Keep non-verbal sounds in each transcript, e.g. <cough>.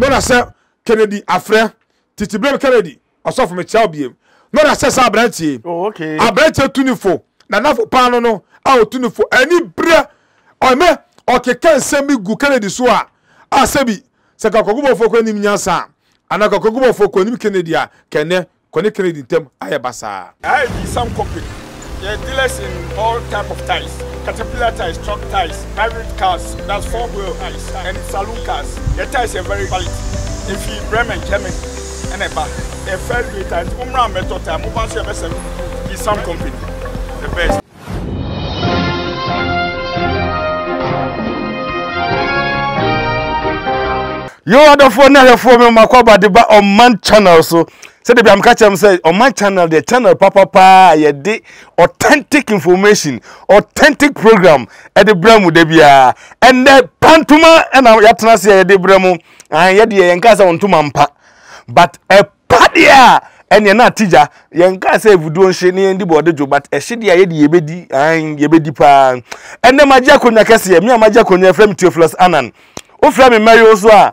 nɔna sɛ kennedy afrɛ titi blame kennedy ɔsɔfo mekyia wo biem nɔna sɛ sɛ aberantie oh, aberantie tunifo nanafo paa no no a ɔtunifo ani berɛ ɔmɛ ɔkeka nsɛm bi gu kennedy so a a sɛbi sɛ kakɔgubɔfoɔ kɔ anim nyansa a anaa kakɔgubɔfoɔ kɔ anim kennedy a kɛnɛ kɔne kennedy ntam ayɛ basaa They're dealers in all type of tires. Caterpillar tires, truck tires, hybrid cars, that's four wheel tires, and saloon cars. Their tires are very quality. If you Bremen, German, and a bar, a fair great tires, Umra Metal tire, Mubansu MSM, is some company. The best. You are yóò adọ̀fọ́ náà yẹ fún mi ọmọ akọ́bàdé on man channel so sɛde bi ameka kyerɛ m sɛ ɔman channel deɛ channel papa paa yɛde authentic information authentic program ɛde brɛ mu da biara ɛnɛ pantoma ɛna yɛatena se yɛde brɛ mu yɛdeɛ yɛnka sɛ ɔntoma mpa but ɛpa deɛ a ɛneɛ na atigya yɛnka sɛ avuduo nhye ne yɛndi bɔɔde dwo but ɛhye deɛ a yɛde yɛbɛdi an yɛbɛdi paa ɛnɛ magye akonnwa kɛseɛ me a magye akonnwa frɛ me teofilus anan wofrɛ me mmɛyɛ wo so a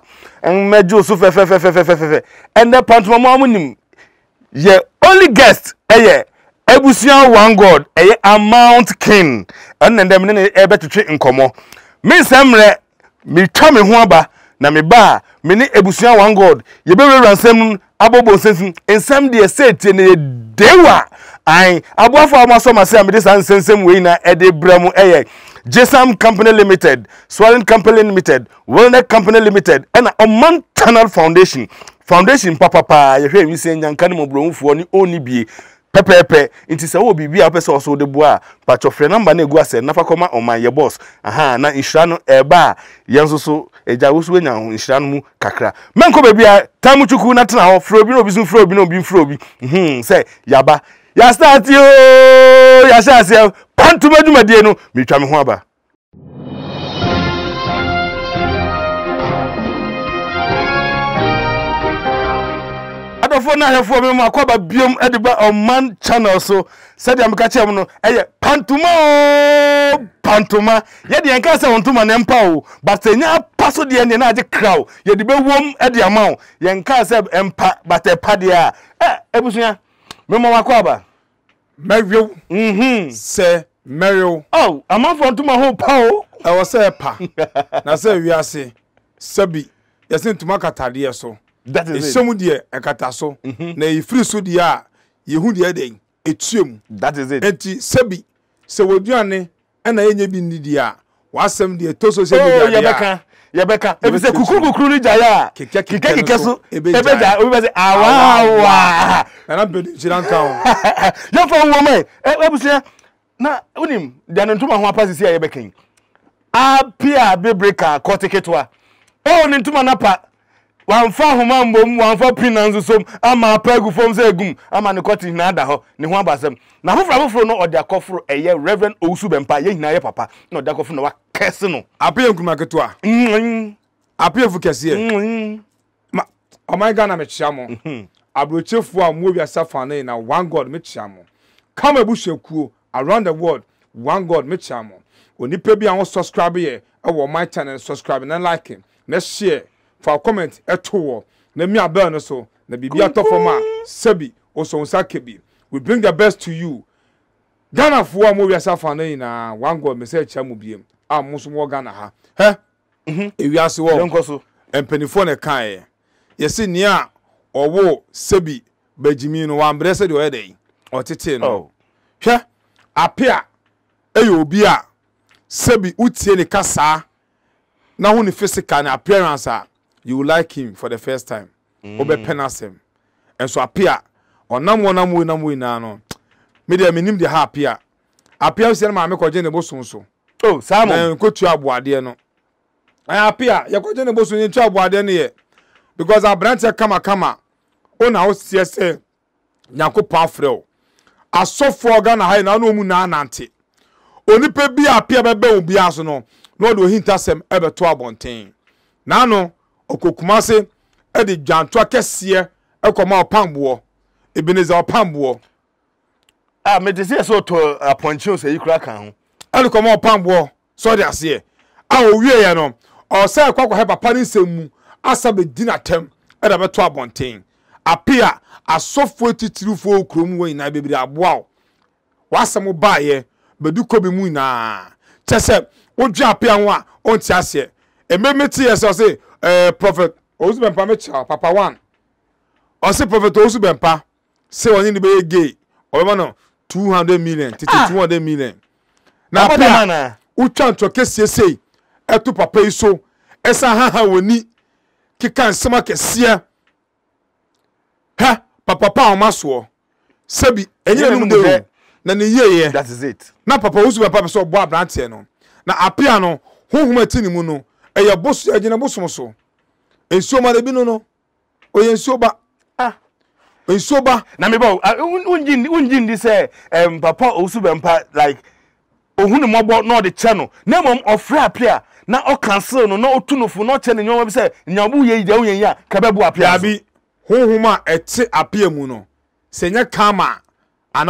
mmɛgye wo so fɛfɛfɛfɛfɛfɛ ɛnɛ pantoma mu a mo nim yɛ only guest ɛyɛ ebusua one god ɛyɛ amount king ɛno na ndɛm ne ne ɛbɛtwitwe nkɔmɔ me nsɛm rɛ metwa me ho aba na mi ba a me ne ebusua one god yɛbɛwurawura nsɛm Abobo nsɛm nsɛm deɛ seetie ne yɛ dewa ayi aboafo a wɔasɔ ma se a mede saa nsɛnsɛm wei na ɛde brɛ mu ɛyɛ jesam company limited swallen company limited wellness company limited ɛna ɔman tunnel foundation foundation Papa papapa yɛhwɛ ewisie nyanka ne mɔborɔhufoɔ ne ɔnni bie pɛpɛɛpɛ nti sɛ wɔwɔ biribi a wɔpɛ sɛ ɔso de boa a patwɔ frɛ namba no egu asɛ nafa kɔma ɔman yɛ boss, aha na nhyira no ɛɛba a yɛn nso so agya wosu enya ho nhyira no mu kakra mɛnkɔ baabi a tam tukuu na tena hɔ frɛ obi no, obi so frɛ obi no, obi frɛ obi hmm sɛ yaba start. ati ooo yasa aseɛ pantoma dwumadie no metwa me ho aba. adɔfoɔ no ahwɛfoɔ bi mu akɔba biom de ba ɔman channel so sɛdeɛ meka kyerɛ mu no ɛyɛ pantoma o pantoma yɛde yɛnka sɛ wo ntoma ne mpa o but sɛ ɛnya apa so deɛ neɛ na agye kra o yɛde bɛwom de ama wo yɛnka sɛ ɛmpa but ɛpa deɛ a ɛ abusua mema wakɔ aba mɛwew mhm. sɛ mɛwew amanfoɔ ntoma ho pa o ɛwɔ sɛ ɛpa na sɛ wiase sɛbi yɛse ntoma katadeɛ so that is it ɛhyɛm deɛ ɛkata so mhm. na efiri so deɛ a yehu deɛ den etua that is it eti sɛbi sɛ wɔduane ɛna enye bi ni deɛ a w'asɛm deɛ to social oh, media deɛ a ebisɛ kukuru kukuru ni jaya keke keke so ebe ja obi bɛ se awa awa nana bɛ nhyira nka o <laughs> yɛfɔ wɔn mɛ ebusua na onim dani ntoma ho apa sisi a yɛbɛka yi apia bebreka kɔ tiketewa ɔɔ ne ntoma napa wamfa ahoma mbom wamfa pina nso som ama apa agu fam sɛ egum ama ne kɔte nyinaa da hɔ ne ho abasɛm na foforɔ foforɔ no ɔde akɔforo ɛyɛ reverend owusu bɛmpa yɛ nyinaa yɛ papa na ɔde akɔforo na wakɛse no apeyɛ nkuruma ketewa apeyɛ fu kɛseɛ ma oh gana ghana mekyea mo mhm. aburokyefoɔ a mo wiasa fa ne na one god mekyea mo kama ebusuakuo around the world one god mekyea mo onipa bi a wɔn subscribe yɛ ɛwɔ my channel subscribe na like na share fa comment ɛto wɔ na mi abɛn no so na biribi atɔ fam a sɛbi osonsa kebi we bring the best to you Ghana, ghanafoɔ a mo wiase afa no nyinaa wangɔ mbɛsɛ ɛkyia mu biem a mo nso wɔ ghana ha hɛ mhm. ewiase wɔ mpanyinfoɔ na ɛka yɛ yɛsi nea ɔwɔ sɛbi bɛgyimi no wambrɛ sɛdeɛ ɔyɛ dɛ ɔtete no oh. hwɛ ape a ɛyɛ obi a sɛbi wotie ne kasaa na ho ne physical ne appearance a you will like him for the first time wobɛpɛ mm. n'asɛm nso apia ɔnam wɔnam wo nam wo nyinaa no me deɛ menim deɛ ha apia apia sɛ no maame kɔgye ne bosom so oh, nkɔtua aboadeɛ no apia yɛkɔgye ne bosom yɛtua aboadeɛ no yɛ because aberanteɛ kamakama wo na woseɛ sɛ nyankopɔn afrɛ wo asɔfoɔ ghana ha na na ɔmu naanante onipa bi a apia bɛbɛ wo biara so no na ɔde ohintasɛm ɛbɛto abɔnten naano ɔkɔ kumase ɛde dwantoa kɛseɛ ɛkɔma ɔpamboɔ ebeneza ɔpamboɔ. a mete sɛ sɛ ɔtɔ apɔnkye sɛ yi kura ka ho. ɛde kɔma ɔpamboɔ sɔɔde aseɛ a owie yɛ no ɔsɛ ɛkɔ akɔhɛ papa ne nsɛm mu asa bɛdi n'atɛm ɛde bɛto abɔnten apia asɔfoɔ titirifoɔ kurom wɔ nyinaa bebree aboa o wasɛm baayɛ bɛdi kɔ bi mu nyinaa kyɛ sɛ wodwe apia ho a ɔnte aseɛ mmemme te yɛ sɛ ɔse ɛɛ prɔfɛt owusu bɛnpa papa one ɔsi prɔfɛt owusu bɛnpa sɛ ɔnye ne bɛyɛ gay ɔbɛma no two hundred million titi ah! two hundred million na apia wotwa ntɔ kesiesei ɛto papa yi so ɛsan eh, haha wɔ ni keka nsɛm akɛseɛ hɛ papa pa a ɔma soɔ sɛbi ɛnyɛ num de o na ne yie yɛ na papa owusu bɛnpa bɛ sɛ ɔbɔ aberanteɛ no na apia no huhum ɛti ne mu no. ɛyɛ bos e bosu so nsuo ma de bi no no oyɛ nsuo ba nsuo ba. na mi bɔ wunji ndi sɛ papa owusu mpa like ohun na ɔde no na mmom ɔfrɛ apia na ọ no na ɔtu no fo na ɔkyɛ ne nyɔnma bi sɛ nyabu yɛ yi deɛ ɔyɛ yi bu apia. apia mu no kama a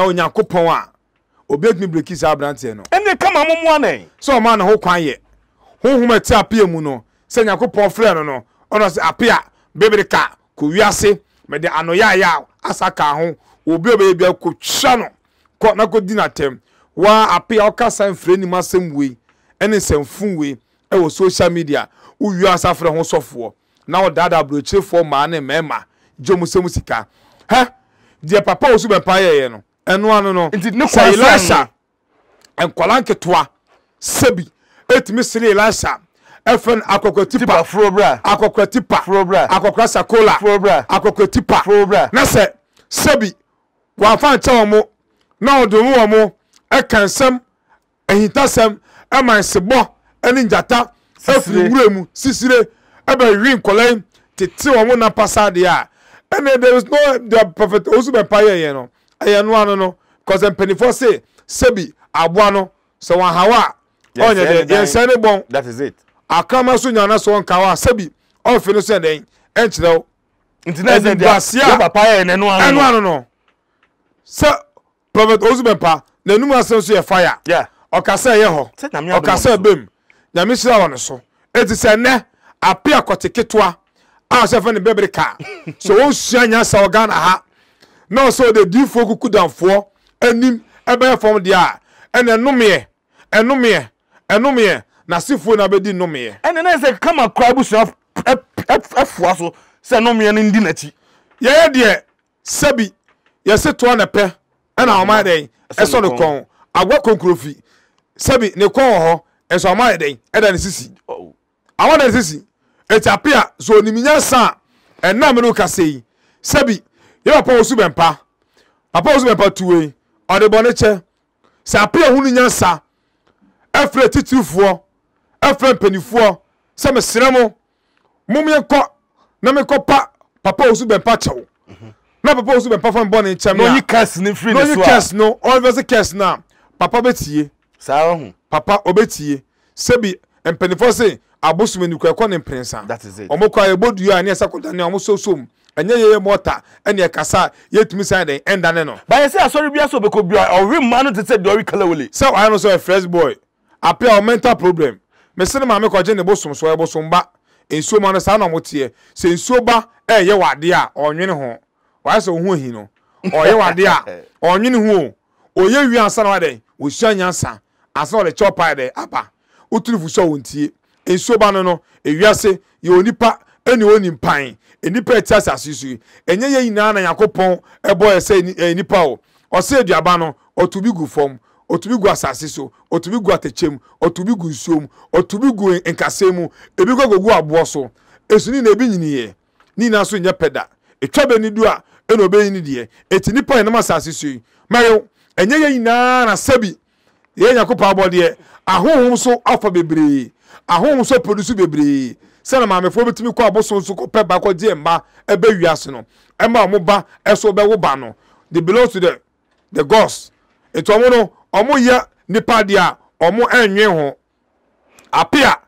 honhom a ɛte apea mu no sɛ nyankopɔn frɛ no no ɔno sɛ apea bebere ka kò wiase mɛde anoyaaya asa ka ho obi a ɔbɛyɛ bia kò no kɔ na kò di wa waa apea ɔkasa mfiri anim asɛm wei ɛne nsɛmfun wei ɛwɔ social media wowie asa frɛ ho sɔfoɔ na ɔdaadaa aburokyerefoɔ mmaa ne mmarima gye ɔmo sɛm sika hɛ deɛ papa osu bɛmpa yɛyɛ no ɛno ano no sɛ elisha nkwadaa nketewa sebi etumi siri elisha ɛfɛn akɔkɔ tipa akɔkɔ tipa akɔkɔ sakola akɔkɔ tipa na sɛ sɛbi wafa nkyɛn wɔn mo na ɔdun wɔn mo ɛka nsɛm ɛhintasɛm ɛma nsebɔ ɛne njata ɛfiri wura mu sisire ɛbɛwi nkɔla yi tete wɔn mo napasa adeɛ a ɛna there is no the perfect osu bɛpa yɛ yɛn no ɛyɛ no no kɔsɛ mpanyinfoɔ se sɛbi aboa no sɛ wɔn ahawa a ɔnyɛ dɛ yɛnsɛ ne bɔn that is it akama so nyana so nka wa sɛbi ɔfi no sɛ dɛn ɛnkyerɛ wo nti na ɛsɛ deɛ papa yɛ n'anu ano ɛnu ano no sɛ prɔfɛt ozubɛn pa n'anum asɛm so yɛ faya ɔkasa yɛ hɔ ɔkasa bɛm nyame hyira wɔ ne so eti sɛ nɛ ape akɔte ketewa a ɔsɛ fɛ ne bɛbiri kaa <laughs> so wɔn sua nyansa wɔ ghana ha na ɔsɛ ɔde diifoɔ kuku danfoɔ anim ɛbɛyɛ fam deɛ a ɛna ɛnumiɛ ɛnumiɛ ɛnomeɛ n'asefoɔ na bɛdi nomeɛ ɛne na sɛ kama kora abusua ɛfoa so sɛ nomeɛ no ndi n'akyi yɛyɛ deɛ sɛbi yɛse toa ne pɛ ɛna ɔma dɛn ɛsɔ ne kɔn agwa konkurofi sɛbi ne kɔn wɔ hɔ ɛsɔ ɔma yɛ dɛn ɛda ne sisi awɔ da ne sisi etiapi a so oniminya san ɛnam no kasa yi sɛbi yɛ papa osu bɛ mpa papa osu bɛ mpa tuwe ɔde bɔ ne kyɛ sɛ apia hu ni nya sa ɛfrɛ titirifoɔ ɛfrɛ mpanimfoɔ sɛ mesrɛ mo momeɛ kɔ na mekɔ pa papa osu bɛmpa kyɛw na papa osu bɛmpa fɔ mbɔ ne nkyɛn mu a n'oyi kɛs ne firi ne so a n'oyi kɛs no ɔnfɛsɛ kɛs na papa bɛtie saa ɔho papa ɔbɛtie sɛbi mpanimfoɔ se abosom enikɔ ɛkɔ ne mprɛnsa ɔmo kɔ a yɛbɔ dua a ne ɛsɛ kɔda ne ɔmo sosom ɛnyɛ yɛyɛ mɔta ɛne ɛkasa yɛtumi san de ɛnda ne no. bayɛ sɛ asɔre bi asɔ bɛkɔ bia ɔwe mmaa no te sɛ deɛ ɔre kalawole. sɛ ɔyɛ no sɛ ɔyɛ fresh boy apɛ a mental problem mese ne maame kɔgye ne bosom so ɛbosom e ba nsuo ma no saa na ɔmoteɛ sɛ nsuo ba ɛyɛ wadeɛ a ɔnwene ho wayɛ sɛ ɔho ahi no ɔyɛ wadeɛ a <laughs> ɔnwene ho o ɔyɛ wie ansa na wadɛ wɔsua nyansa ansa na ɔde kyɛw paa dɛ aba wotiri fu sɛ wɔntie nsuo ba no no ewiase yɛ onipa ɛne ɔni mpan nipa ɛte asase so yi ɛnyɛ yɛ nyinaa na nyankopɔn ɛbɔ ɛsɛ nipa o ɔsɛ aduaba no ɔto bi gu fam ɔtumi gu asase so ɔtumi gu atɛkyɛ mu ɔtumi gu nsuo mu ɔtumi gu nkasa mu ebi kɔ gugu aboɔ so esuni na ebi nyiniiɛ ne nyinaa so nyɛ pɛda etwa bɛ ni do a ɛna ɔbɛyi ni deɛ eti nipa yɛn nam asase so yi mɛyo ɛnyɛ yɛ nyinaa na sɛbi yɛ nyako paabɔ deɛ ahohom so afa bebree ahohom so produce bebree sɛnɛ maamefoɔ bɛtumi kɔ abosom so kɔ pɛ ba kɔ gye mba ɛbɛ wiase no ɛma ɔmo ba ɛso bɛwo ba no they belong to the the gods etu ɔmo no ɔmo yɛ nipa deɛ a ɔmo ɛnwe ho ape a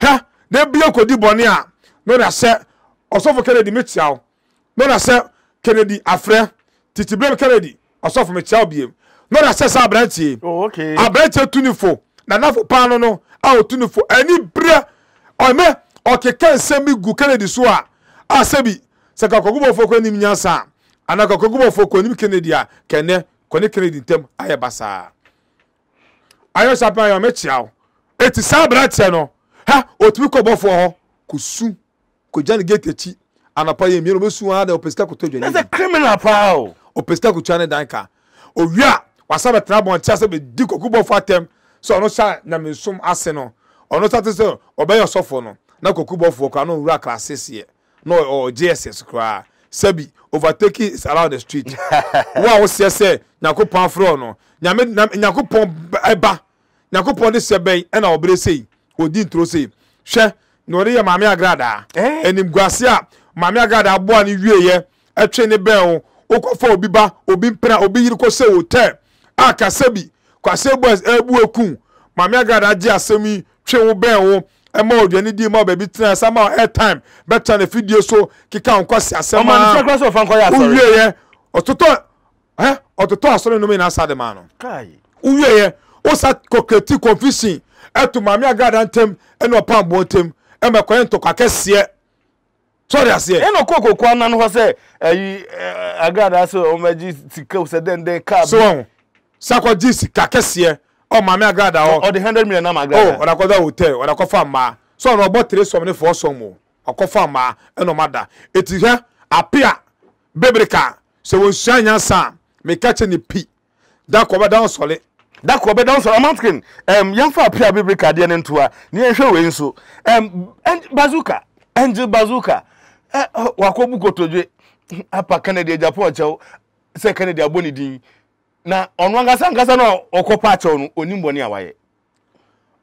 hɛ na ebile kodi bɔne a no na sɛ ɔsɔfo kennedy mi tia o no na sɛ kennedy afrɛ titi blame kennedy ɔsɔfo mi tia o biem no na sɛ sɛ aberanteɛ oh, aberanteɛ tunifo nanafo paa no no a otunifo ɛni brɛ ɔmɛ ɔkeka nsɛm bi gu kennedy so a a sɛbi sɛ kakɔgubɔfoɔ kɔ anim nyansa anaa kakɔgubɔfoɔ kɔ anim kennedy a kɛnɛ kɔne kennedy ntɛm ayɛ basaa ayɛ sapɛn ayɛ ɔmɛkyia wo eti saa aberanteɛ no ha otumi kɔ bɔfoɔ hɔ kò su kò gya ne gate akyi anapa yɛ mmienu obesu wa de ɔpɛsika kò tó dwa ne mu. ɛsɛ criminal paa o. ɔpɛsika kò tua ne dan ka owia wasa bɛ tena abɔnten ase bɛ di koko bɔfoɔ atɛm sɛ ɔno sa nam nsum ase no ɔno sa te sɛ ɔbɛyɛ ɔsɔfoɔ no na koko bɔfoɔ kɔ ano wura kra aseseɛ na ɔgye ɛsɛs koraa sɛbi overtaking is allowed the street wo a wosɛ sɛ nyankopɔn afrɛ no nyame nyankopɔn ɛba nyankopɔn de sɛ bɛn ɛna ɔbere sei ɔdi ntoro sei hwɛ na ɔde yɛ maame agradaa animguase eh? a maame agradaa boa ne wieɛ ɛtwe ne bɛn o wokɔfa obi ba obi mpena obi yiri kɔsɛ hotel a kasa bi kwasɛ boys ɛbu eku maame agradaa gye asɛm yi twe wo bɛn o ɛma oduani di ma baabi tena sama airtime bɛtena ne fidie so keka nkɔsi asɛm a wuyeyɛ ɔtotɔ ɛ ɔtotɔ asɔre nom nyinaa sa de ma no wuyeyɛ wosa kɔkɛti confusion ɛto maame agada ntɛm ɛna ɔpa mbɔ ntɛm ɛma ɛkɔyɛ ntɔkwa kɛseɛ sɔre aseɛ. ɛna ɔkɔ koko anan hɔ sɛ ɛyi agada sɛ ɔmɛgye sika sɛ dɛndɛn kaa bi. sɛ wɔn sakɔ gye sika kɛseɛ ọ maame agrada hɔ ɔde hundred million nam agrada o ɔde akɔda hotel ɔde akɔfa mmaa so ɔno ɔbɔ three sɔm ne four sɔm o ɔkɔfa mmaa ɛna ɔma da eti hɛ apia bebrika sɛ wɔn sua nyansa meka kyɛ ni pi dakɔ ɔbɛda ɔsɔle dakɔ ɔbɛda ɔsɔle ɔmantikin ɛm yɛnfa apia bebrika adeɛ ne ni ne yɛn hwɛ wei nso ɛm bazuka angel bazuka ɛ wakɔ bu kotodwe apa kennedy japan ɔkyɛw sɛ kennedy abɔ ne din na ọnụ ankasa ankasa na ɔkɔ paakyɛ no ɔnim bɔne a wayɛ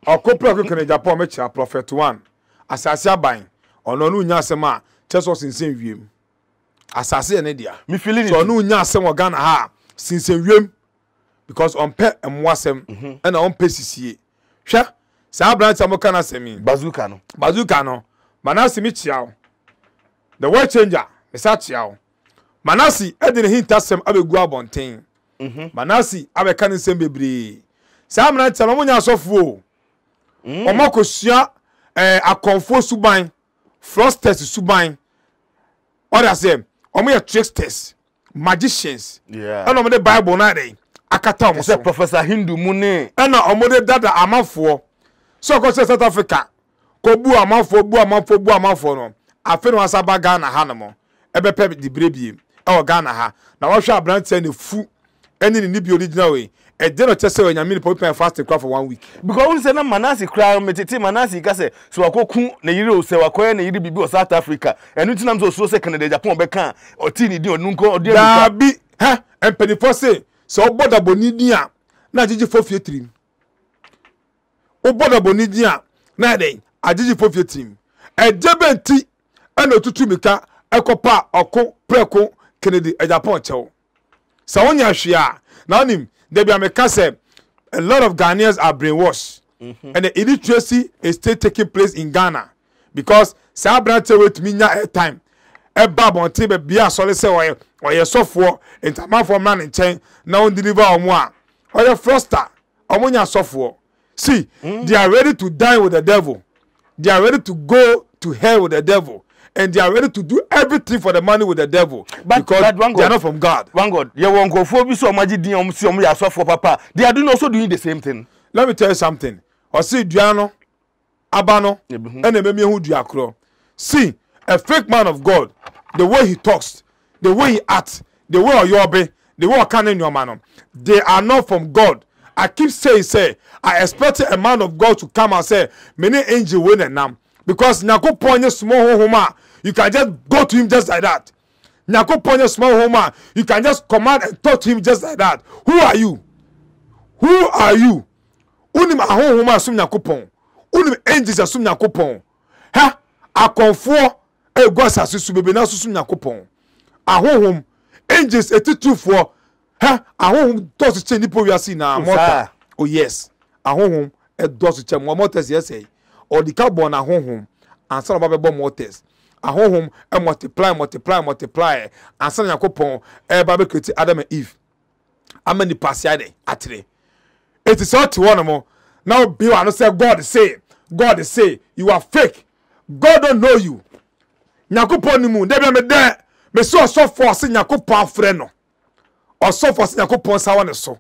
ɔkɔ kene japan mɛkyira prọfet one asase aban ọnụ ọnụ nye asem a kyɛ sɛ ɔsensɛn wiem asase yɛ ne dea mefili ne ɔno nya asɛm wɔ ghana ha a sensɛn wiem because ɔmpɛ mmoasɛm ɛna ɔmpɛ sisie hwɛ saa aberante a moka no asɛm yi bazuka no bazuka no manase mekyia the world changer mesa kyia wo manase ɛde ne hintasɛm abegu abɔnten manase abɛka ne nsɛm bebree saa mmeranteɛ no ɔmonyɛ asɔfoɔ ɔmo akosua ɛɛ akɔnfoɔ suban frosters suban ɔda sɛ ɔmo yɛ tricksters magicians ɛna ɔmo de bible na de akata ɔmo so ɛsɛ professor hindu mu ne ɛna ɔmo de dada amanfoɔ so ɔkɔ sɛ south africa kɔ bu amanfoɔ bu amanfoɔ bu amanfoɔ no afei na wɔn asa ba ghana ha nom ɛbɛpɛ dibire bie ɛwɔ ghana ha na wɔhwɛ aberanteɛ ne fu ɛne ne ni bi original wei ɛdɛ na ɔkyɛ sɛ ɔnyame nipa wopɛn fasting kora for one week. because wọn sɛ na manase kura metete manase ka sɛ sɛ wakɔ kun ne yiri o sɛ wakɔ yɛ ne yiri bibi wɔ south africa ɛnu ti nam sɛ osuo sɛ canada japan ɔbɛka ɔti ne din ɔnu nkɔ ɔdi ɛnu ka. daabi hɛ mpanyinfoɔ se sɛ ɔbɔ dabɔ ni din a na agyegye fo fie tirim ɔbɔ dabɔ ni din a na yɛ dɛ agyegye fo fie tirim ɛdɛ bɛ nti ɛna otutu mika ɛkɔ pa ɔko prɛko kennedy ɛjapan kyɛw sɛ wonya hwee a na wonim da bi a meka a lot of ghanaians are brainwashed, mm -hmm. and the illiteracy is still taking place in ghana because saa aberante wetumi nya airtime ɛba abɔnten baabi asɔre sɛ ɔyɛ ɔyɛ sɔfoɔ ntamafoɔ mma ne nkyɛn na wɔn deliver wɔn a ɔyɛ froster wɔn nya sɔfoɔ see mm. they are ready to die with the devil they are ready to go to hell with the devil and they are ready to do everything for the money with the devil. But, because but one God, they are not from God. One God, yeah, one God. For so much, for papa. They are doing also doing the same thing. Let me tell you something. I see Diano, Abano, and the Memi Diakro. See, a fake man of God, the way he talks, the way he acts, the way Oyobe, the way your Nyomano, they are not from God. I keep saying, say, I expected a man of God to come and say, many angel winning now because nyankopɔn nye small honhom a you can just go to him just like that nyankopɔn nye small honhom a you can just command and talk to him just like that who are you who are you wonim ahonhom a som nyankopɔn wonim angels a som nyankopɔn ha akɔnfoɔ egu asase so bebe na sosom nyankopɔn ahonhom angels etitufoɔ ha ahonhom dɔɔso kyɛ nipa wiase na mɔta oh yes ahonhom ɛdɔɔso kyɛ mu ɔmɔta si ɛsɛ yi ɔde carbon ahohom ansa na ɔba bɛbɔ mortars ahohom multiply multiply multiply ansa na nyankopɔn ɛreba bɛkreti adam and eve ama nipa ase ade atere eti sɛ ɔte hɔ nom na obi wa no sɛ god say god say you are fake god don't know you nyankopɔn ni mu dɛbi mi dɛ mi sɛ ɔsɔfo ɔsi nyankopɔn afrɛ no ɔsɔfo ɔsi nyankopɔn sawa ne so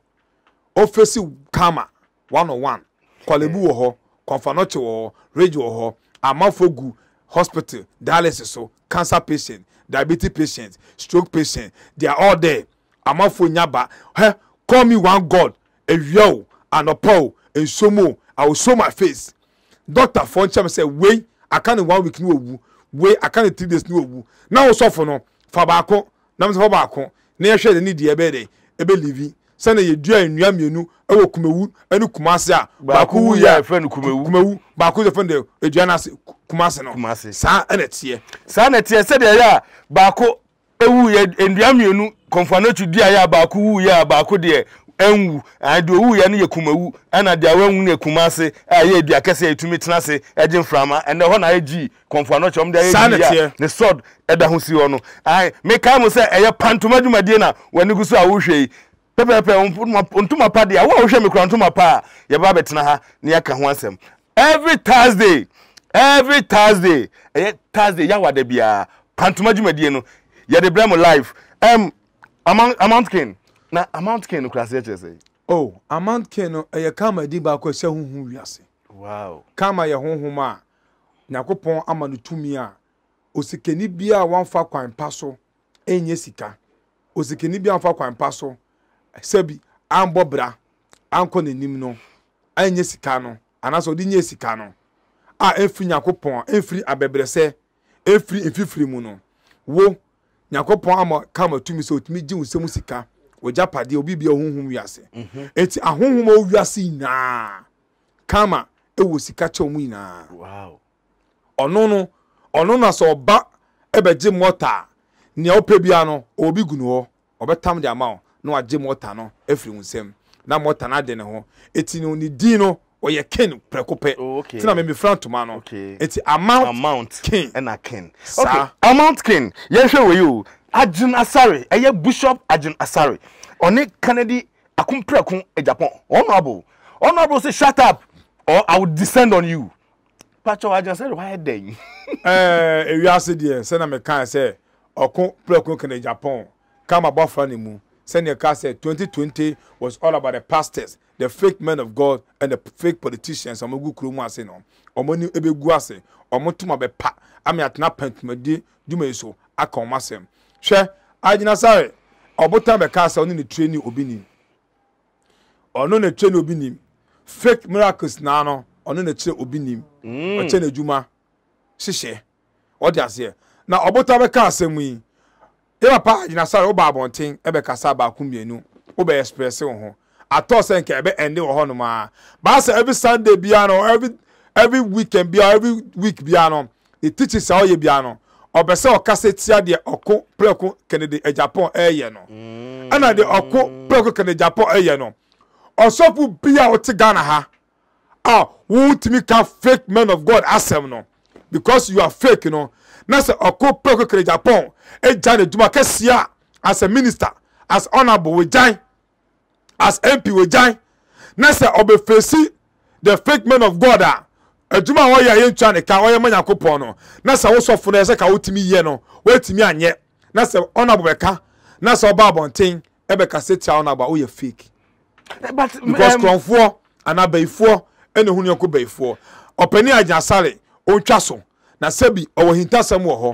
ofesi kama one on oh one kɔlebu wɔ hɔ kɔnfanɔkye wɔ hɔ rage wɔ hɔ amafo gu hospital dialysis so cancer patient diabetes patient stroke patient they are all there amafo nyaba hɛ call me one god ewia o anɔpa o nsom o i will show my face doctor fɔ nkyɛn sɛ wei aka ne one week ni owu wei aka ne three days ni owu na o sɔfo no fa baako na mo sɛ fa baako na yɛ hwɛ de ne deɛ ɛbɛyɛ de ɛbɛ livi sɛnɛ yɛdua nnua mmienu ɛwɔ kumawu ɛne kumase a baako wu yɛ fɛ no kumawu baako yɛ fɛ no edua no kumase no saa ɛna teɛ saa na teɛ sɛdeɛ yɛ a baako ewu yɛ nnua mmienu kɔnfanatu dua yɛ a baako wu yɛ a baako deɛ ɛnwu deɛ owu yɛ no yɛ kumawu ɛna deɛ awɛnwu no yɛ kumase a ɛyɛ dua kɛse yɛtumi tena se ɛgye mframa ɛnɛ hɔ na yɛgyi kɔnfoano kyɛm deɛ yɛgyi yɛ ne sɔd ɛda ho si hɔ no ae mekae mu sɛ ɛyɛ pantoma dwumadie pɛpɛɛpɛ ntoma pa deɛ awo a wohwɛ me kura ntoma pa a yɛba abɛtena ha na yɛaka ho asɛm every thursday every thursday ɛyɛ thursday yɛawa da biara pantoma dwumadie no yɛde brɛ mo live um, amount, amount na amount kin no kura se kyerɛ sɛ oh amount kin no ɛyɛ kama di baako ɛsɛ honhom wiase wow kama yɛ honhom a nyakopɔn ama no tumi a osikani bi a wɔmfa kwan pa so ɛnyɛ sika osikani bi a wɔmfa kwan pa so sɛbi anbɔ bra ankɔ n'anim no anyɛ sika no anaasɛ ɔde nyɛ sika no a efiri nyankopɔn efiri abɛbrɛsɛ efiri mfifiri mu no wo nyankopɔn ama kama tumi sɛ ɔtumi gye wo nsɛm sika ɔgya padeɛ obi bia ɔhonhom wiase mhm. enti ahohom a ɔwiase nyinaa kama ɛwɔ sika kyɛw mu nyinaa ɔno no ɔno na sɛ ɔba ɛbɛgye mɔta nea ɔpɛ bia no obi gu no hɔ ɔbɛtam de ama wo na wagye mɔta no afiri wo nsam na mɔta no ade ne ho ɛti no ne din no ɔyɛ ken prɛko pɛ oh, nti na memefra ntoma no ɛti amount ken ɛna ken saa amount ken yɛhwɛ wei o agyen asare ɛyɛ bishop agyen asare ɔne kennedy akomprɛko japan honorable honorable say shut up or i will descend on you patro agyen asare wayɛ dɛn <laughs> ɛɛ ewiase deɛ sɛ na meka sɛ ɔko prɛko kennedy japan kama bɔfra ne mu Senior ka sɛ 2020 was all about the pastors the fake men of god and the fake politicians ɔmo gu kurom ase no ɔmo ni ebegu ase ɔmo tuma bɛ pa ami atena pɛntumadi dwuma yi so aka ɔmo asɛm hwɛ agyina sáré ɔbotan bɛ ka sɛ ɔno ne tire ni obi nim ɔno ne tire ni obi nim fake miracles naa no ɔno ne tire obi nim mm. ɔkyɛ ne dwuma hyehyɛ ɔde aseɛ na ɔbotan bɛ ka asɛm yi ɛba pa agyina sare woba abɔnten ɛbɛkasa baako mmienu wobɛ express wo ho atɔ sɛ nka ɛbɛ ɛnde wɔ hɔnom a baasa every sunday bia no every every weekend bia every week bia no the teachers a ɔyɛ bia no ɔbɛ sɛ ɔkasa tia deɛ ɔko prɛko kennedy japan ɛɛyɛ no ɛna deɛ ɔko prɛko kennedy japan ɛɛyɛ no ɔsɔfo bia ɔte ghana ha a wɔntumi ka fake men of god asɛm no because you are fake you no. Know, na sɛ ɔkɔ pɛkɔ kere japan egya ne dwuma kɛseɛ as a minister as honourable wogyan as mp wogyan na sɛ ɔbɛfɛsi the fake man of god a adwuma a wɔyɛ a yɛntua ne ka wɔyɛ ma nyankopɔn no na sɛ wosɔfo no ɛsɛ ka wotumi yɛ no woatumi anyɛ na sɛ ɔnabo bɛka na sɛ ɔba abɔnten ɛbɛka sɛ tia ɔnabo a woyɛ fake eh, because um, kurɔnfoɔ anaa bayifoɔ ɛna ehunu yɛn ko bayifoɔ ɔpanin agyina sare ɔntwa so na sɛbi ɔwɔ hintasɛm wɔ hɔ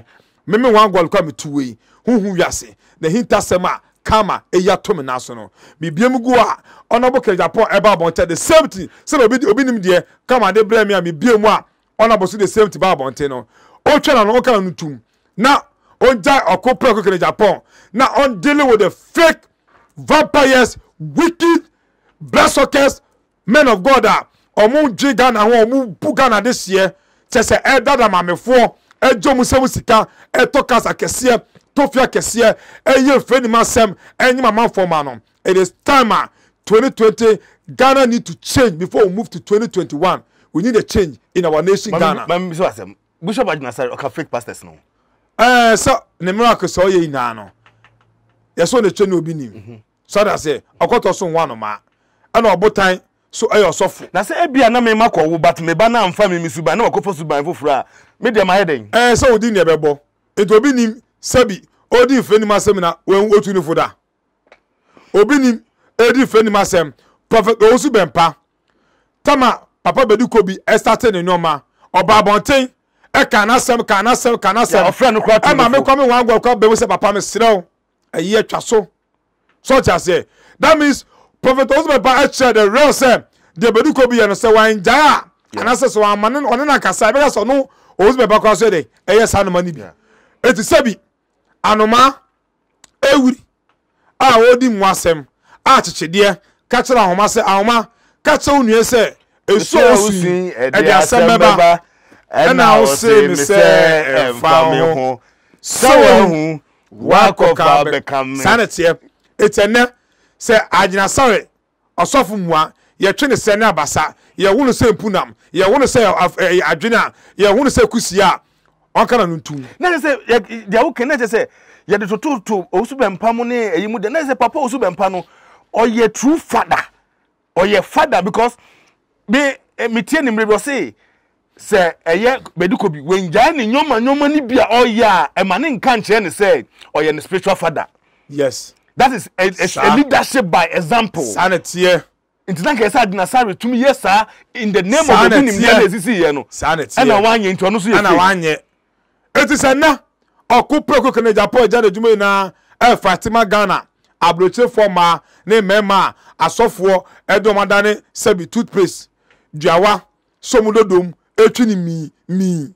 meme wan gɔl kɔ a metuo yi huhu wiase na hintasɛm a kama eyi ato me n'aso no mibiem gu a ɔnabɔ kɛgyapɔ ɛba abɔnten the same thing sɛnɛ obi obi nim deɛ kama de brɛ mi a mibiem a ɔnabɔ so the same thing ba abɔnten no otwa na no ɔka na no tum na ɔgya ɔko pɛ ko kɛgyapɔ na ɔn dealing with the fake vampires wicked blood men of god a ɔmo gye ghana ho ɔmo bu ghana de seɛ kyɛ ɛdada eh, maamefoɔ ɛgye eh, mu sɛm sika ɛtɔ eh, kasa kɛseɛ tofia kɛseɛ ɛyɛ mfɛ asɛm ɛnyɛ amanfoɔ ma no it is time a ah, 2020 ghana need to change before we move to 2021 we need a change in our nation ghana. maame bisu asɛm bishop adina sari ɔka fake pastors no. ɛɛ sɛ ne miracle sɛ ɔyɛ nyinaa no yɛsɛ ɔna twɛ ne obi nim mhm. sɔdɔ ase ɔkɔtɔ so nwa no maa ɛna ɔbotan so ɛyɛ eh, ɔsɔfo. na sɛ ebi a na mi ma kɔ wo but mi na nfa mi mi suban na wakɔ fɔ suban foforɔ a mi deɛ ma yɛ dɛn. ɛɛ eh, sɛ odi ni ɛbɛ bɔ etu obi nim sɛbi odi nfe nim asɛm na wɔn otu ne fo da obi nim edi nfe nim asɛm prɔfɛt owusu bɛn pa tama papa bɛdi kobi ɛstate ne nneɛma ɔba abɔnten ɛka anasɛm ka anasɛm ka anasɛm ɛma mi kɔ mi wɔn agorɔ kɔ bɛn mi sɛ papa mi serew ɛyi ɛtwa so sɔɔ prophet osman ba ɛkyerɛ the real sɛ deɛ bɛduko bi yɛ no sɛ wangyaa a anaasɛ sɛ wama ne ɔne nankasa ɛbɛka sɛ ɔno osman ba kora so yɛ dɛ ɛyɛ saa anoma no bi ɛti sɛ bi anoma a wɔdi mu asɛm a kyekyedeɛ ka kyerɛ ahoma sɛ ahoma ka kyerɛ wo nnua sɛ ɛsuo wosui ɛde asɛm bɛba ɛna wo se me sɛ ɛmfa ho sɛ wahu woakɔka bɛka me saa ne teɛ ɛti ɛnɛ sɛ agyinasare ɔsɔfo mua yɛtwe ne sɛ ne abasa yɛwo no sɛ mpunam yɛwo no sɛ eh, eh, adwene a yɛwo no sɛ kusia a ɔnka na no ntum na kyɛ sɛ deɛ woka na kyɛ sɛ yɛde tototo ɔwosu bɛmpa mu ne ɛyi mu dɛ na kyɛ sɛ papa ɔwosu bɛmpa no ɔyɛ true father ɔyɛ father because bi eh, metie ne mmerɛ bi ɔse sɛ ɛyɛ bɛdiko bi wɔngyae ne nnwoma nnwoma no bi a ɔyɛ a ɛma ne nka nkyerɛ ne sɛ ɔyɛ ne spiritual father yes that is a, a, a leadership by example. saa na tiɛ. nti adi na sáré tumi yɛ saa in the name of the nim yɛ na esisi yɛ no ɛna wanyɛ nti ɔno so yɛ fake ɛna wanyɛ eti sɛ na ɔko pɛko kɛnɛ japan ɛgya na edwuma nyinaa ɛfa tema ghana aburokyefoɔ mmaa ne mmarima asɔfoɔ ɛdɔm adane sɛbi toothpaste duawa somu dodom etwi ne mii mii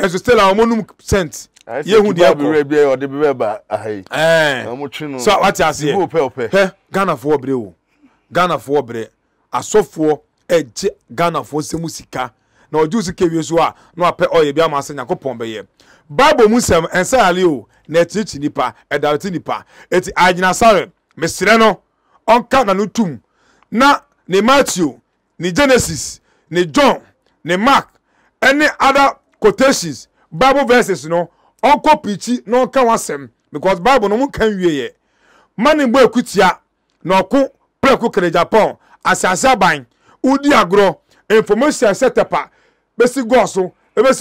ɛso still a num cent yehu deɛ akɔ bi ɔde bi bɛ ba ahayi eh. ɛɛ ɔmo twi no so wate aseɛ ibo pɛ ɔpɛ hɛ ghanafoɔ bere o ghanafoɔ bere asɔfoɔ ɛgye eh, ghanafoɔ sɛmu sika na ɔgye sika wie so a na wapɛ ɔyɛ bi ama ase nyakopɔn bɛyɛ bible mu nsɛm ɛnsa yale o na ɛkyirikyi nipa ɛdarete eh, nipa eti agyina sare mesrɛ no ɔnka n'ano tum na ne matthew ne genesis ne john ne mark ɛne other quotations bible verses you no ɔnkɔ pirikyi na ɔnka wasɛm because bible no mu ka nwieɛ mane bɔ ekutia na ɔko prɛko kere japan asase aban wodi agorɔ information ɛsɛ tɛpa bɛsi gɔɔ so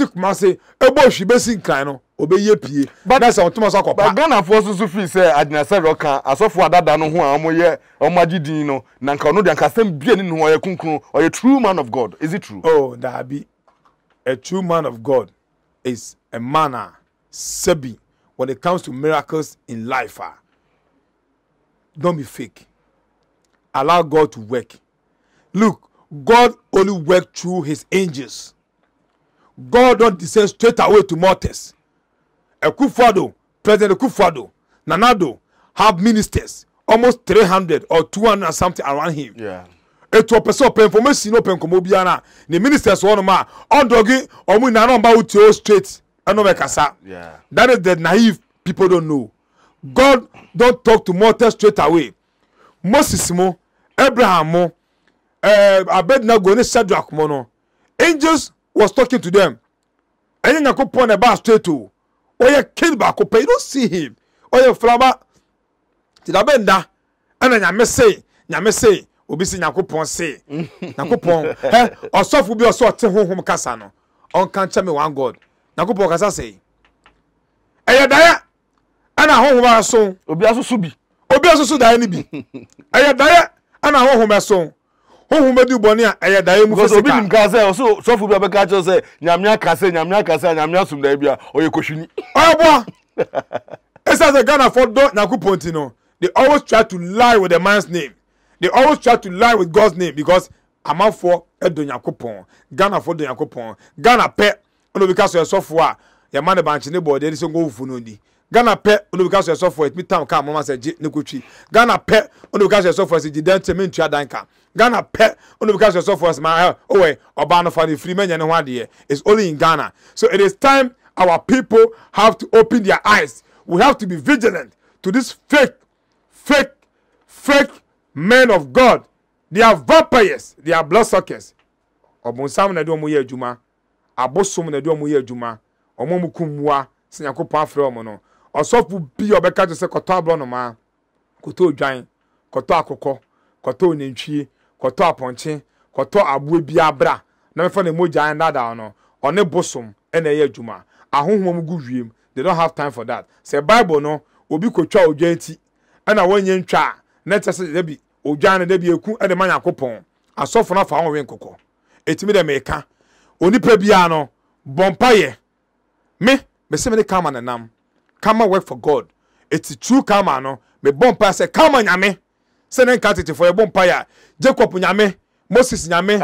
kumase ebo osi besi nkan no obeye pie n'asɛ ɔtuma so akɔpa. ghanafoɔ soso fi sɛ adinasɛ rɔka asɔfo adada no ho a wɔn yɛ wɔn agye din no na nka ɔno deɛ nkasɛm bie ne ne ɔyɛ kunkun ɔyɛ true man of god is it true. oh daabi a true man of god is a man a. Ah sebi when it comes to miracles in life ah don't be fake allow god to work look god only work through his angels god don descend straight away to mortals ekufuado president ekufuado nanado have ministers almost three hundred or two hundred and something around him. Yeah. etu ọpẹ sẹ ọpẹ information ọpẹ nkọmọ obiara ni ministers wọn ma ọdọgi ọmọ ìnáwó ọba wò tí straight ɛna ɔbɛ kasa that is the naive people don't know god don talk to moses straight away moses mo abraham mo ɛɛ eh, abednego ne shadrach mo no angels was talking to them ɛnyɛ nyako pɔn na ɛbaa straight o ɔyɛ king baako pɛ you don see him ɔyɛ flaba tidabe nda ɛna nyame se nyame se obi si nyako pɔn se <laughs> nyako pɔn ɛ ɔsɔfo bi ɔsɔ ɔte honhom kasa no ɔnka nkyɛn mi one god nyankopɔn kasa sɛe ɛyɛ daeɛ ɛna ahohom aso obi asoso bi obi asoso daeɛ no bi <laughs> ɛyɛ daeɛ ɛna ahohom ɛso honhom bɛdi bɔne a ɛyɛ daeɛ mu fisika obi nim kaa sɛ ɔso sɔfo bi a bɛka kyerɛ sɛ nyame aka sɛ nyame aka sɛ nyame asom daeɛ bi a ɔyɛ kohwini ɔyɛboa ɛsɛ <laughs> sɛ ghanafoɔ dɔ nyankopɔn nti no they always try to lie with a man's name they always try to lie with god's name because amanfoɔ ɛdɔ nyankopɔn ghanafoɔ dɔ nyankopɔn ghana pɛ ɔna obi ka so ɛsɔfo a yɛma ne bankye ne bɔɔdeɛ de sɛ nkɔ fufuo no ghana pɛ ɔna obi ka so ɛsɔfo a ɛtumi tam ka mɔma sɛ gye ne kotwi ghana pɛ ɔna obi ka so ɛsɔfo a sɛ gye dan ntua dan ka ghana pɛ ɔna obi ka so ɛsɔfo a sɛ maa ɛ ɔwɛ ɔbaa no fa ne firi mɛnyɛ ne ho adeɛ it's only in ghana so it is time our people have to open their eyes we have to be vigilant to this fake fake fake men of god they are vampires they are blood bloodsuckers ọbùnsam na ẹni wọn yẹ adwuma abosom na ɛde ɔmo yɛ adwuma ɔmo mo kum mua sɛ nyankopɔn afrɛ no ɔsɔfo bi ɔbɛka kyerɛ sɛ kɔtɔ ma koto odwan koto akokɔ koto onantwie koto apɔnkye koto aboa bi abra na mɛfa ne na ndaadaa no ɔne bosom adwuma ahohom gu they don't have time for that bible no obi kotwa odwan ti ntwa a na kyerɛ odwan eku ma onipa biara no bɔ mpayɛ me mese me ne kama nenam kama work for god eti true kama no me bɔ mpayɛ sɛ kama nyame sɛ ne nka tetefoɔ yɛbɔ mpayɛ jacob nyame moses nyame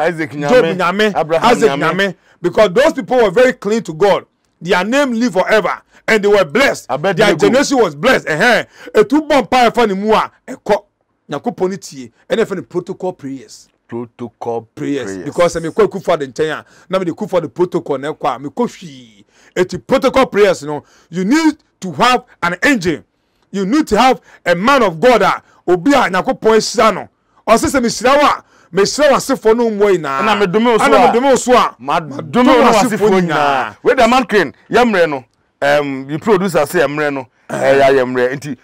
job nyame isaac nyame. because those people were very clean to god their name live forever and they were blessed their go. generation was blessed ɛhɛn etu bɔ ne mu a ɛkɔ nyakopɔn ne tie ɛna ɛfɛ ne protocol prayers protocol prayers, prayers. because ɛmi kɔ ekufo adi nkyɛn a na mi de kufo adi protocol na ɛkɔ a mi kɔ hwii eti protocol prayers no you need to have an engine you need to have a man of god a ah, obi a nyako pɔn ehyia no ɔsɛ sɛ mi hyira wa mɛ hyira wa asefoɔ no mu nyinaa ɛna mɛ dumi osu a ma dumi osu a ma dumi osu asefoɔ nyinaa wei de aman crane yɛ no. um, you producer say ah. eh, mre no ɛyɛ ayɛ mmerɛ nti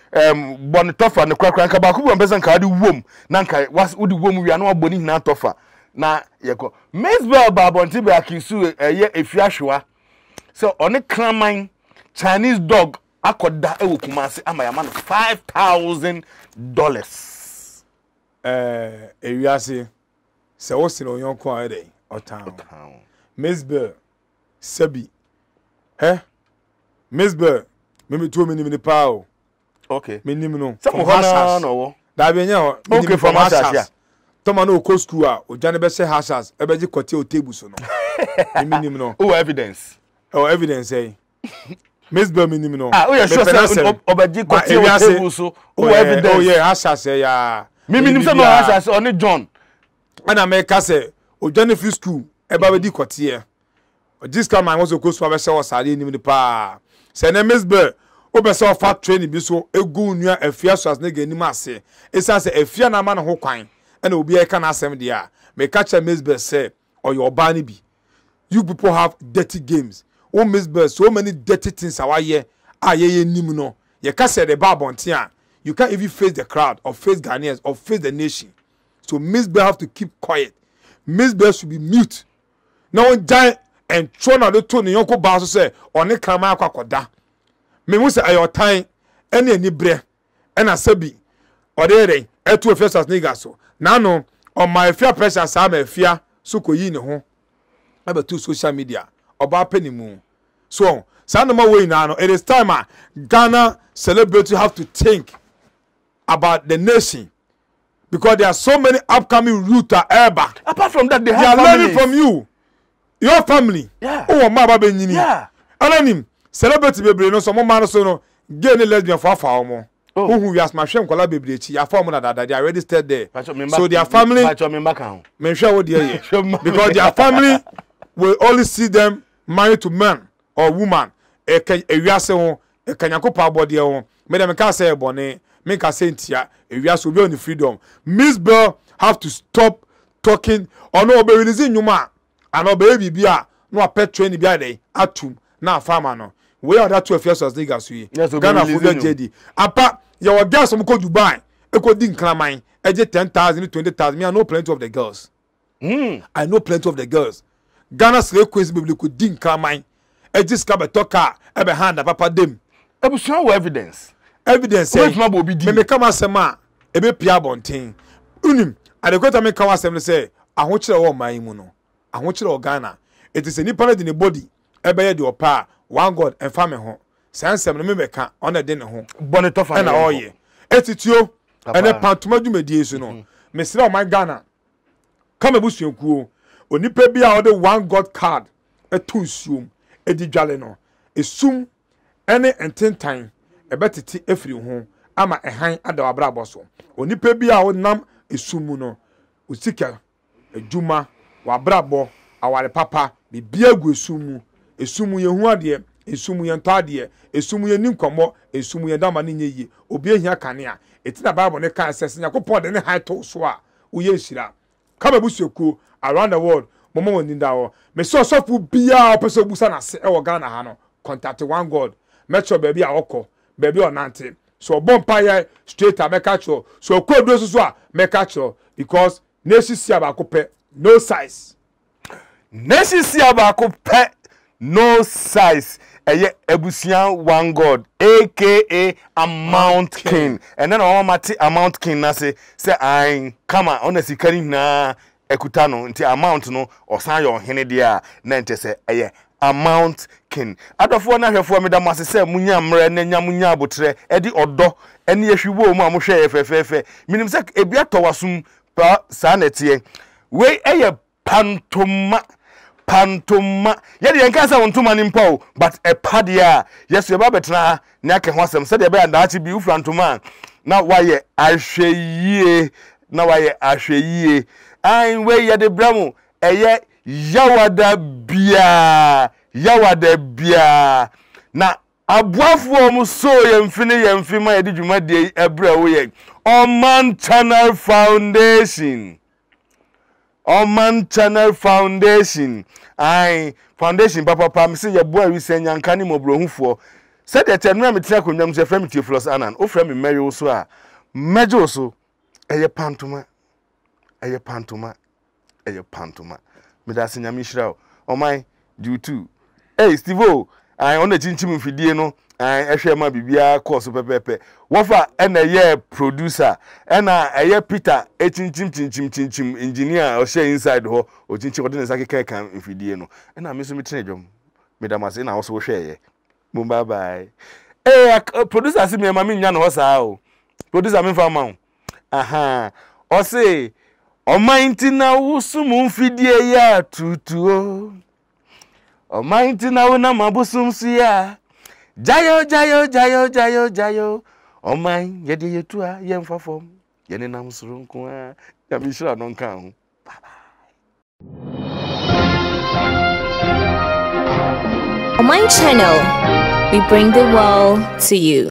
bɔne tɔfa no korakora nka baako nka wom na nka wom na wabɔ ne nyinaa tɔfa na yɛkɔ masbel baabɔnte efi so kraman chinese dog akɔda ɛwɔ eh, kumase ama yɛama 5000 dollars. ɛɛ ewiase sɛ wosi na onyɔnko a ɛdɛ sebi Eh? misbel mímí tuo mi ni mi ni paa o. ok mi ni mi no. sẹ́mu hɔ náà nà wɔ. dàbí ẹ̀yẹ́ hɔ mi ni mi fɔm asas tọ́mọ náà okó sukuu a ọjà ni bẹ sẹ́ asas ẹ bẹ jí kọ̀tí o table so nọ mi ni mi nọ. o wọ evidence. ẹ wọ evidence eh. ẹ yìí misbel mi ni mi nọ. ah o yẹ sọ sẹ ọbẹ jí kọ̀tí o table so o wọ eh, evidence. o yẹ asas ẹ eh, yà. mímí ni sẹ́mu hɔ asas ọ ni john. ẹnna mi ka sẹ ọjà ni free school ẹ bá bẹ di kọ̀tí yẹ ọjí sika maa n wọ́n sọ okó sukuu abẹ sẹ́ wọ sáré ẹni mi ni paa sɛ ne misbel wopɛ sɛ ɔfa training bi so egu nnua afia so asene ga anim ase ɛsiane sɛ afia no ama ne ho kwan ɛna obi ɛka n'asɛm deɛ a meka kyerɛ misbel sɛ ɔyɛ ɔbaa no bi you people have dirty games wo misbel so many dirty things a wayɛ a yɛyɛ nim no yɛka sɛ de ba abɔnten a you can't even face the crowd or face ghanaians or face the nation so misbel have to keep quiet misbel should be mute na wɔn gyan ɛntwerɛ na ɔde to ne yɔnko baa so sɛ ɔne kraman akɔ akɔda memu sɛ ɛyɛ ɔtan ɛne aniberɛ ɛna sɛbi ɔde yɛdɛ ɛto afia sas niga so naano ɔma afia pressure saa ma afia so kɔyii ne ho ɛbɛto social media ɔbaa pɛ ne mu so saa nnoma wɔ nyinaa no it is time a ah, ghana celebrity have to think about the nation because there are so many upcoming routes a apart from that they, they have families are learning from you your family wowɔ mma aba bɛnyini ɛno nim celebrity bebree no so mo mma no so no gay ne lesbian fo afa wɔ mo wohu wiase mahwɛ nkɔla bebree akyi afa wɔ mo nadada they are registered there so their family menhwɛ wo deɛ yɛ <laughs> because their family will only see them married to man or woman ɛka ewiase ho ɛka nyankopɔ abɔdeɛ ho mede meka sɛ ɛbɔne menka sɛ ntia ewiase obi wɔ ne freedom miss bell have to stop talking ɔno ɔbɛwinizi nnwuma a anaa ɔbɛyɛ biribi a na wapɛ training bi adɛ atum na afama no wei a ɔda to afi asɔs liga so yi ghana fo bɛ gye di apa yɛwɔ girls mo kɔ dubai ekɔ di nkraman ɛgye ten thousand twenty thousand me i know plenty of the girls mm. i know plenty of the girls ghana slay queens bebree kɔ di nkraman ɛgye sika bɛtɔ kaa ɛbɛ hand apapa dem. ebusua wɔ evidence. evidence yɛ mɛmɛ kama asɛm a ebe pia abɔnten unim adekunle ta mi kawo asɛm no sɛ ahokyerɛ wɔ ɔman yi mu no ahokyere wɔ ghana ɛti sɛ nipa no de ne body ɛbɛyɛ deɛ ɔpɛ a one god ɛmfa me ho saa nsɛm no mebɛka ɔna de ne ho bɔne tɔfa ɛna ɔyɛ ɛti tuo ɛnɛ pantoma dwumadie so no mesrɛ ɔman ghana kama busuakuo onipa bi a ɔde one god card ɛto nsuom ɛdi dwale no esum ɛne ntentan ɛbɛtete efiri ho ama ɛhan ada wabrabɔ so onipa bi a ɔnam esum mu no osika adwuma. E wabrabɔ aware papa biribi agu esum mu esum mu yɛn ho adeɛ esum mu yɛn tɔ adeɛ esum mu yɛn ni nkɔmɔ esum mu yɛn dama ne nyɛ yie obi ehia kanea eti na baabu ne kan sɛ sinyako pɔl de ne han to so a oyɛ nhyira kama ebusuakuo around the world mɔmɔ wɔn nida hɔ mesia ɔsɔfo biara ɔpɛ sɛ obusa n'ase ɛwɔ ghana ha no contact one god mɛtɔ baabi a ɔkɔ baabi a ɔnante so ɔbɔ mpa yɛ straight a mɛka kyerɛ so ɔkɔ oduro soso a mɛka kyerɛ because n'esi si a baako pɛ no size. n'esisi baako pɛ no size ɛyɛ abusua one god aka amount king ɛnɛ na wɔn ma te amount king n'ase sɛ an kama ɔna sika ne nyinaa ɛkuta no nti amount no ɔsan yɛ ɔhene deɛ a na nkyɛ sɛ ɛyɛ amount king adɔfoɔ no ahwɛfoɔ meda mo ase sɛ munya mmerɛ na nya munya abotrɛ ɛde ɔdɔ ɛne ahwiwɔ mu a mohwɛ yɛ fɛfɛɛfɛ menim sɛ ebi atɔ wasum paa saa na wei ɛyɛ eh, pantoma pantoma yɛde yɛn kan sɛ wɔn ntoma ne mpa o but ɛpa deɛ a yɛsɔ yɛ ba bɛtena ne aka ho asɛm sɛdeɛ ɛbɛyɛ adaakye bi wofura ntoma a na wayɛ ahwɛ yie na wayɛ ahwɛ yie an wei yɛde brɛ mo eh, ɛyɛ yawada biaa yawada biaa na aboafoɔ ɔmo so yɛmfini yɛmfi ma yɛde dwumadeɛ eh, yi ɛbrɛ wo yɛ ɔman channel foundation. Oman Channel Foundation ayi foundation papapa mi si yɛ bu ɛri sɛ nyanka ne mɔburohufoɔ sɛdeɛ tɛ nura mi tena akonnwa mu sɛ fɛn mi tie Florence Anan o fɛn mi mɛri wo so a mɛgye wo so ɛyɛ pantoma ɛyɛ pantoma ɛyɛ pantoma medase nyame nhyira o ɔman diwutu ɛyi hey, steve o ayi ɔno na kyinkyim mfidie no. ɛhwɛ eh, eh, ma biribiara kɔɔso pɛpɛɛpɛ wɔfa ɛna ɛyɛ producer ɛna ɛyɛ peter ekyinkyim kyinkyim kyinkyim engineer ɔhyɛ inside hɔ ɔde ne nsa keka ɛka mfidie no ɛna mi nso mi tena dwom ɛna ɔso hwɛ bye bye eh, producer si mi ɛma mi nya ne hɔ saa o producer mi nfa ma o ahan ɔman ti na wosumu mfidie yɛ atutuo ɔman ti na abosom yɛ jayo jayo jayo jayo jayo ɔman yɛde yɛtu a yɛmfa fam yɛne nam soro nko a nyamehyira no nka ho ɔman channel we bring the world to you